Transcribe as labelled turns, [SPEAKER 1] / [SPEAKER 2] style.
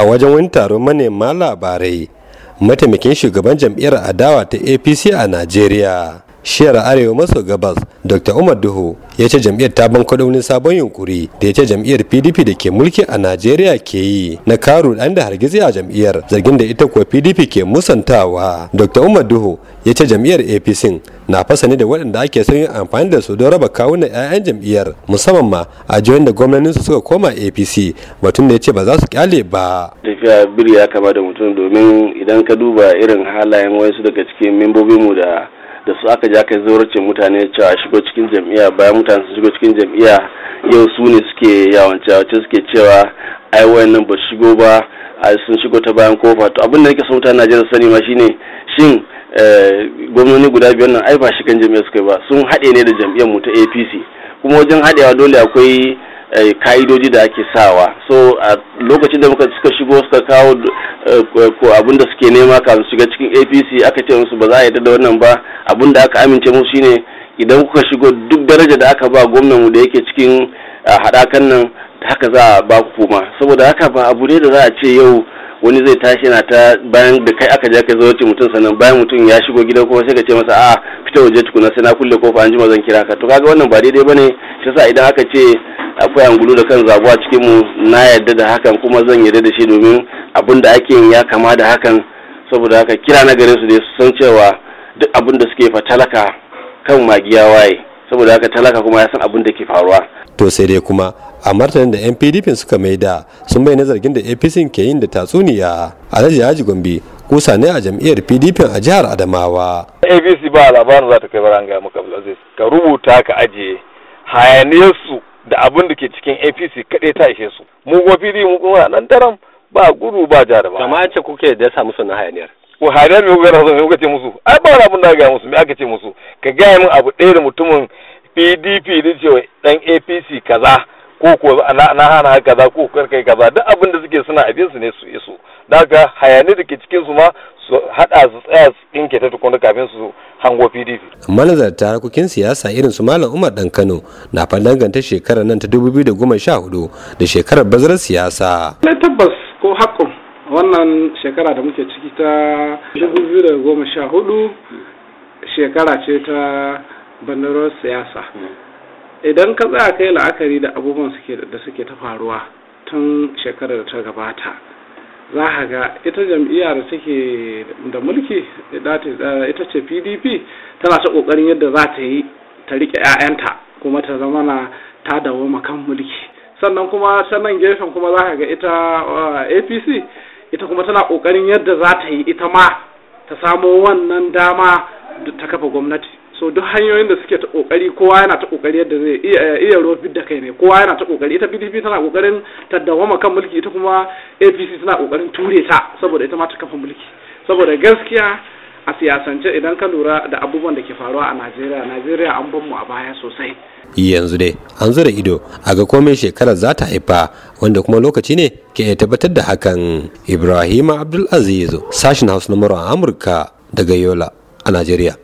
[SPEAKER 1] a wajen wani taron manema labarai mataimakin shugaban jam'iyyar adawa ta apc a najeriya shiyar arewa maso gabas dr umar duhu ya ce jam'iyyar ta ban wani sabon yunkuri da ya ce jam'iyyar pdp da ke mulki a najeriya ke yi na karu dan da hargitsi a jam'iyyar zargin da ita kuwa pdp ke musantawa dr umar duhu ya ce jam'iyyar apc na fasani da waɗanda ake son yin amfani da su don raba kawunan 'ya'yan jam'iyyar musamman ma a jiyoyin da su suka koma apc batun da ya ce ba za su kyale ba
[SPEAKER 2] tafiya biri ya kama da mutum domin idan ka duba irin halayen wasu daga cikin membobinmu da da su aka ja kai zauracin mutane cewa shigo cikin jam'iyya bayan mutane sun shigo cikin jam'iyya yau su ne suke yawance wace suke cewa ai wayannan ba shigo ba ai sun shigo ta bayan kofa to abin da yake sa mutane Najeriya sani ma shine shin eh, gwamnoni guda biyar nan ai ba shigan jam'iyyar suka ba sun haɗe ne da jam'iyyar mu ta APC kuma wajen haɗewa dole akwai Eh, ka'idoji da ake sawa so a lokacin da muka suka shigo suka kawo eh, ko abin da suke nema kafin shiga cikin apc aka ce musu ba za a yarda da wannan ba abin da aka amince musu shine idan kuka shigo duk daraja da aka ba gwamnanmu da yake cikin haɗakan nan haka za a ba ku kuma saboda haka ba abu ne da za a ce yau wani zai tashi yana ta bayan da kai aka je kai zo mutum sannan bayan mutum ya shigo gida kuma sai ka ce masa a fita waje tukuna sai na kulle kofa an jima zan kira ka to kaga wannan ba daidai bane shi sa idan aka ce akwai angulu da kan zabuwa cikin mu na yarda da hakan kuma zan yarda da shi domin abin da ake yin ya kama da hakan saboda haka kira na gare su dai su san cewa duk abin da suke fa kan magiya waye saboda haka talaka kuma ya san abin da ke faruwa
[SPEAKER 1] to sai dai kuma a martanin da yan pdp suka maida sun bayyana zargin da apc ke yin da tatsuniya alhaji haji gombe kusa ne a jam'iyyar pdp a jihar adamawa
[SPEAKER 3] apc ba labarin za ta kai baran gaya maka abdulaziz ka rubuta ka ajiye su da abin da ke cikin apc kaɗai ta ishe su mu kuma mu kuma nan daram ba gudu ba jaraba da ba kamar ce kuke da sa musu na hayaniyar
[SPEAKER 4] ko hayaniyar me kuka rasa me kuka ce musu ai ba
[SPEAKER 3] wani abin da ga musu me aka ce musu ka gaya min abu ɗaya da mutumin pdp da cewa dan apc kaza ko ko na hana haka za ko kar kai kaza duk abin da suke suna abin su ne su iso daga hayani da ke cikin su ma su hada su tsaya su dinke ta tukunna kafin su hango PDP
[SPEAKER 1] manazarta harkokin siyasa irin su Malam Umar Dan Kano na ganta shekarar nan ta 2014 da shekarar bazarar siyasa
[SPEAKER 4] ne tabbas ko hakkun wannan shekara da muke ciki ta 2014 shekara ce ta bandarar siyasa idan ka tsaya kai la'akari da abubuwan da suke ta faruwa tun shekarar da ta gabata za ka ga ita jam'iyya da take da mulki uh, ita ce pdp tana ta kokarin yadda za ta yi ta rike 'ya'yanta kuma ta zama na ta dawo makan mulki sannan kuma sannan gefen kuma za ka ga ita uh, apc ita kuma tana kokarin yadda za ta yi ita ma ta samo wannan dama ta kafa gwamnati so duk hanyoyin da suke ta kokari kowa yana ta kokari yadda zai iya eh, iya rofin da kai ne kowa yana ta kokari ita PDP tana kokarin ta kan mulki ita kuma APC tana kokarin ture ta saboda ita ma ta kafa mulki saboda gaskiya a siyasance idan ka lura da abubuwan da ke faruwa a Najeriya Najeriya an banmu a baya sosai
[SPEAKER 1] yanzu dai an zura ido a ga komai shekarar za ta haifa wanda kuma lokaci ne ke tabbatar da hakan Ibrahim Abdul Aziz sashin Hausa na Amurka daga Yola a Najeriya